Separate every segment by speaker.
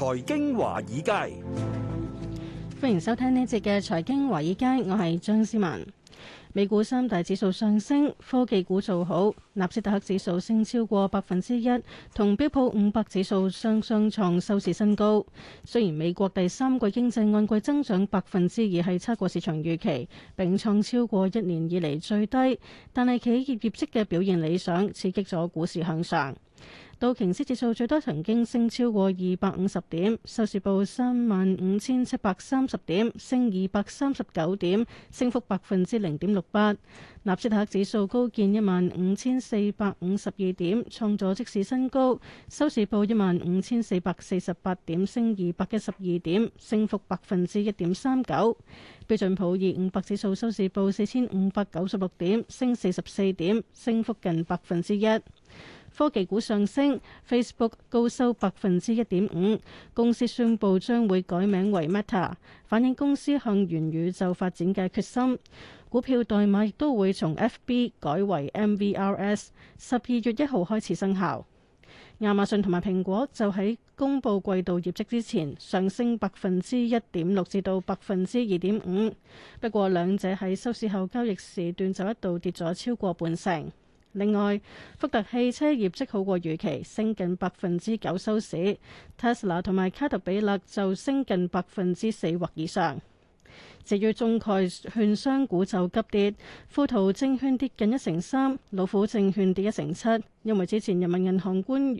Speaker 1: 財經華爾街，
Speaker 2: 歡迎收聽呢節嘅財經華爾街，我係張思文。美股三大指數上升，科技股做好，納斯達克指數升超過百分之一，同標普五百指數雙雙創收市新高。雖然美國第三季經濟按季增長百分之二係差過市場預期，並創超過一年以嚟最低，但係企業業績嘅表現理想，刺激咗股市向上。道瓊斯指數最多曾經升超過二百五十點，收市報三萬五千七百三十點，升二百三十九點，升幅百分之零點六八。納斯達克指數高見一萬五千四百五十二點，創咗即市新高，收市報一萬五千四百四十八點，升二百一十二點，升幅百分之一點三九。標準普爾五百指數收市報四千五百九十六點，升四十四點，升幅近百分之一。科技股上升，Facebook 高收百分之一點五，公司宣布將會改名為 Meta，反映公司向元宇宙發展嘅決心。股票代碼亦都會從 FB 改為 MVRS，十二月一號開始生效。亞馬遜同埋蘋果就喺公布季度業績之前上升百分之一點六至到百分之二點五，不過兩者喺收市後交易時段就一度跌咗超過半成。另外，福特汽車業績好過預期，升近百分之九收市。Tesla 同埋卡特彼勒就升近百分之四或以上。至於中概券商股就急跌，富途證券跌近一成三，老虎證券跌一成七。因為之前人民銀行官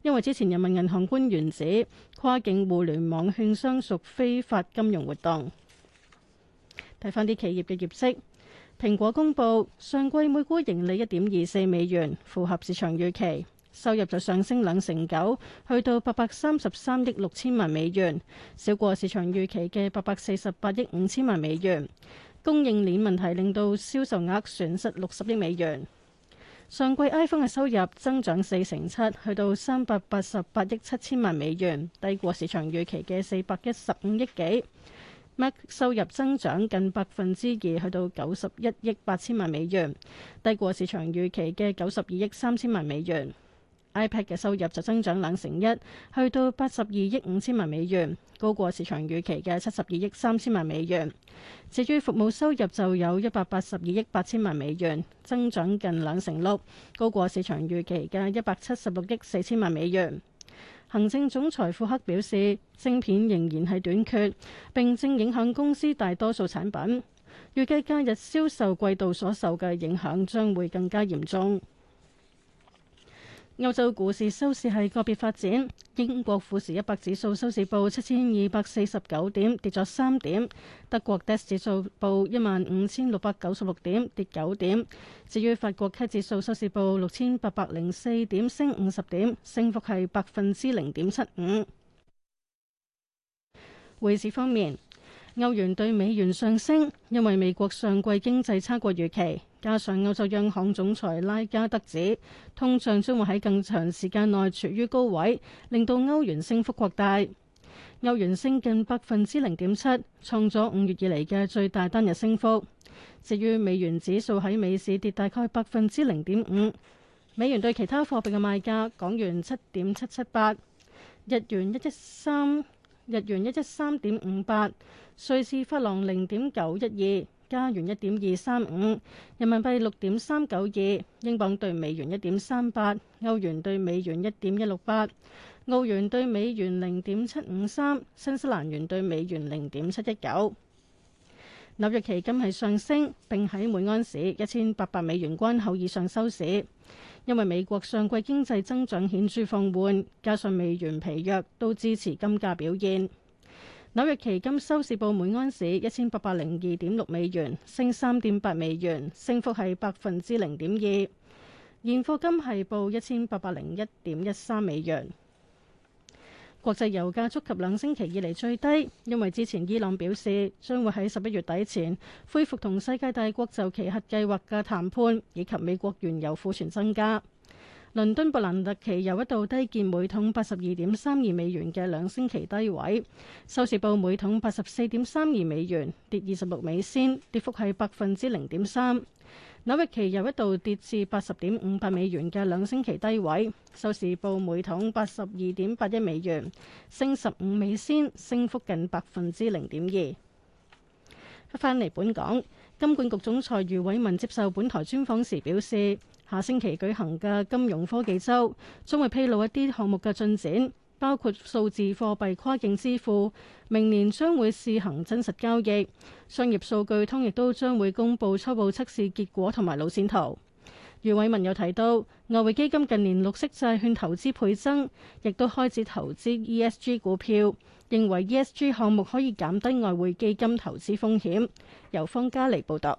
Speaker 2: 因為之前人民銀行官員指跨境互聯網券商屬非法金融活動。睇翻啲企業嘅業績。蘋果公布上季每股盈利一點二四美元，符合市場預期，收入就上升兩成九，去到八百三十三億六千萬美元，少過市場預期嘅八百四十八億五千萬美元。供應鏈問題令到銷售額損失六十億美元。上季 iPhone 嘅收入增長四成七，去到三百八十八億七千萬美元，低過市場預期嘅四百一十五億幾。Mac 收入增長近百分之二，去到九十一億八千萬美元，低過市場預期嘅九十二億三千萬美元。iPad 嘅收入就增長兩成一，去到八十二億五千萬美元，高過市場預期嘅七十二億三千萬美元。至於服務收入就有一百八十二億八千萬美元，增長近兩成六，高過市場預期嘅一百七十六億四千萬美元。行政總裁庫克表示，晶片仍然係短缺，並正影響公司大多數產品。預計假日銷售季度所受嘅影響將會更加嚴重。歐洲股市收市係個別發展，英國富時一百指數收市報七千二百四十九點，跌咗三點；德國 DAX 指數報一萬五千六百九十六點，跌九點。至於法國 CAC 指數收市報六千八百零四點，升五十點，升幅係百分之零點七五。匯市方面，歐元對美元上升，因為美國上季經濟差過預期。加上歐洲央行總裁拉加德指，通脹將會喺更長時間內處於高位，令到歐元升幅擴大。歐元升近百分之零點七，創咗五月以嚟嘅最大單日升幅。至於美元指數喺美市跌大概百分之零點五。美元對其他貨幣嘅賣價：港元七點七七八，日元一一三，日元一一三點五八，瑞士法郎零點九一二。加元一點二三五，人民幣六點三九二，英鎊對美元一點三八，歐元對美元一點一六八，澳元對美元零點七五三，新西蘭元對美元零點七一九。紐約期金係上升並喺每盎司一千八百美元關口以上收市，因為美國上季經濟增長顯著放緩，加上美元疲弱都支持金價表現。紐約期金收市報每安士一千八百零二點六美元，升三點八美元，升幅係百分之零點二。現貨金係報一千八百零一點一三美元。國際油價觸及兩星期以嚟最低，因為之前伊朗表示將會喺十一月底前恢復同世界大國就其核計劃嘅談判，以及美國原油庫存增加。倫敦布蘭特期油一度低見每桶八十二點三二美元嘅兩星期低位，收市報每桶八十四點三二美元，跌二十六美仙，跌幅係百分之零點三。紐約期油一度跌至八十點五八美元嘅兩星期低位，收市報每桶八十二點八一美元，升十五美仙，升幅近百分之零點二。返嚟本港，金管局總裁余偉文接受本台專訪時表示。下星期舉行嘅金融科技周將會披露一啲項目嘅進展，包括數字貨幣跨境支付，明年將會試行真實交易。商業數據通亦都將會公布初步測試結果同埋路線圖。余偉文又提到，外匯基金近年綠色債券投資倍增，亦都開始投資 ESG 股票，
Speaker 3: 認為 ESG 項目可以減低外匯基金投資風險。由方嘉莉報導。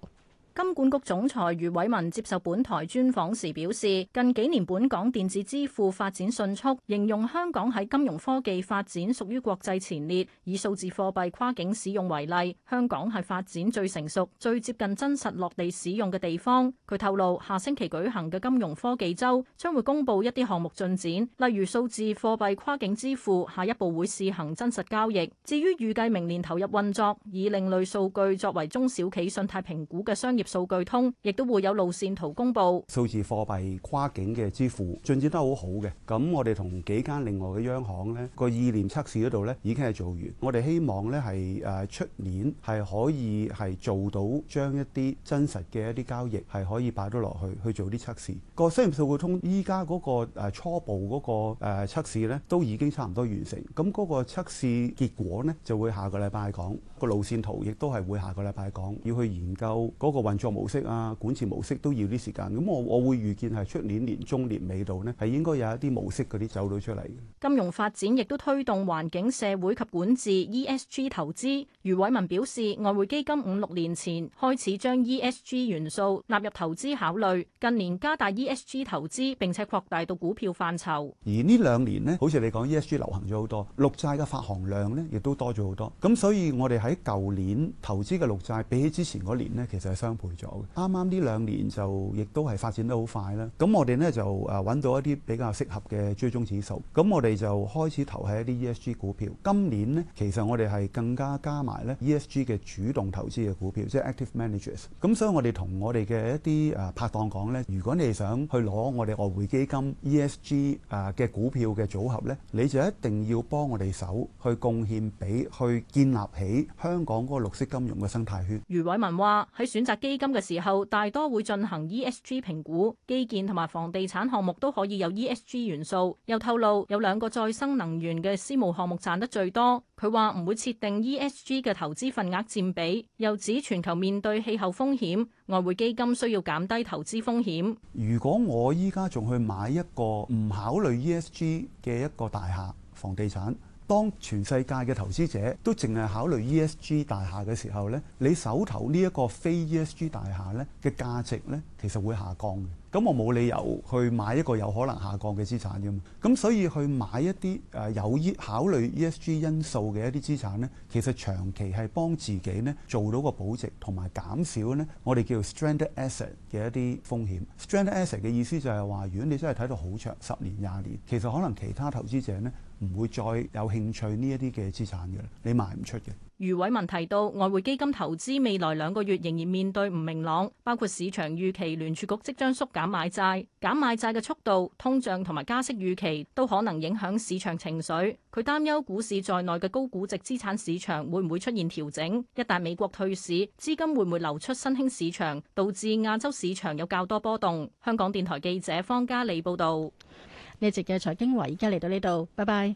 Speaker 3: 金管局總裁余偉文接受本台專訪時表示，近幾年本港電子支付發展迅速，形容香港喺金融科技發展屬於國際前列。以數字貨幣跨境使用為例，香港係發展最成熟、最接近真實落地使用嘅地方。佢透露，下星期舉行嘅金融科技周將會公布一啲項目進展，例如數字貨幣跨境支付下一步會試行真實交易。至於預計明年投入運作，以另類數據作為中小企信貸評估嘅商業。數據通亦都會有路線圖公布，
Speaker 1: 數字貨幣跨境嘅支付進展得好好嘅。咁我哋同幾間另外嘅央行呢個意念測試嗰度呢已經係做完，我哋希望呢係誒出年係可以係做到將一啲真實嘅一啲交易係可以擺到落去去做啲測試。個商業數據通依家嗰個誒初步嗰個誒測試呢都已經差唔多完成，咁嗰個測試結果呢就會下個禮拜講。個路線圖亦都係會下個禮拜講，要去研究嗰個運作模式啊、管治模式都要啲時間。咁我我會預見係出年年中年尾度呢，係應該有一啲模式嗰啲走咗出嚟
Speaker 3: 嘅。金融發展亦都推動環境、社會及管治 （ESG） 投資。余偉文表示，外匯基金五六年前開始將 ESG 元素納入投資考慮，近年加大 ESG 投資並且擴大到股票範疇。
Speaker 1: 而呢兩年呢，好似你講 ESG 流行咗好多，綠債嘅發行量呢亦都多咗好多。咁所以我哋喺喺舊年投資嘅綠債，比起之前嗰年咧，其實係雙倍咗嘅。啱啱呢兩年就亦都係發展得好快啦。咁我哋咧就誒揾到一啲比較適合嘅追蹤指數。咁我哋就開始投喺一啲 ESG 股票。今年咧，其實我哋係更加加埋咧 ESG 嘅主動投資嘅股票，即係 Active Managers。咁所以我哋同我哋嘅一啲誒拍檔講咧，如果你係想去攞我哋外匯基金 ESG 誒嘅股票嘅組合咧，你就一定要幫我哋手去貢獻俾去建立起。香港嗰個綠色金融嘅生態圈，
Speaker 3: 余偉文話，喺選擇基金嘅時候，大多會進行 ESG 評估。基建同埋房地產項目都可以有 ESG 元素。又透露有兩個再生能源嘅私募項目賺得最多。佢話唔會設定 ESG 嘅投資份額佔比。又指全球面對氣候風險，外匯基金需要減低投資風險，
Speaker 1: 如果我依家仲去買一個唔考慮 ESG 嘅一個大廈房地產。當全世界嘅投資者都淨係考慮 ESG 大廈嘅時候咧，你手頭呢一個非 ESG 大廈咧嘅價值咧？其實會下降嘅，咁我冇理由去買一個有可能下降嘅資產啫嘛。咁所以去買一啲誒有依考慮 ESG 因素嘅一啲資產呢，其實長期係幫自己咧做到個保值，同埋減少呢我哋叫做 stranded asset 嘅一啲風險。stranded asset 嘅意思就係話，如果你真係睇到好長十年、廿年，其實可能其他投資者呢唔會再有興趣呢一啲嘅資產嘅，你賣唔出嘅。
Speaker 3: 余偉文提到，外匯基金投資未來兩個月仍然面對唔明朗，包括市場預期聯儲局即將縮減買債、減買債嘅速度、通脹同埋加息預期都可能影響市場情緒。佢擔憂股市在內嘅高估值資產市場會唔會出現調整，一旦美國退市，資金會唔會流出新興市場，導致亞洲市場有較多波動。香港電台記者方嘉利報導。
Speaker 2: 呢一節嘅財經華，而家嚟到呢度，拜拜。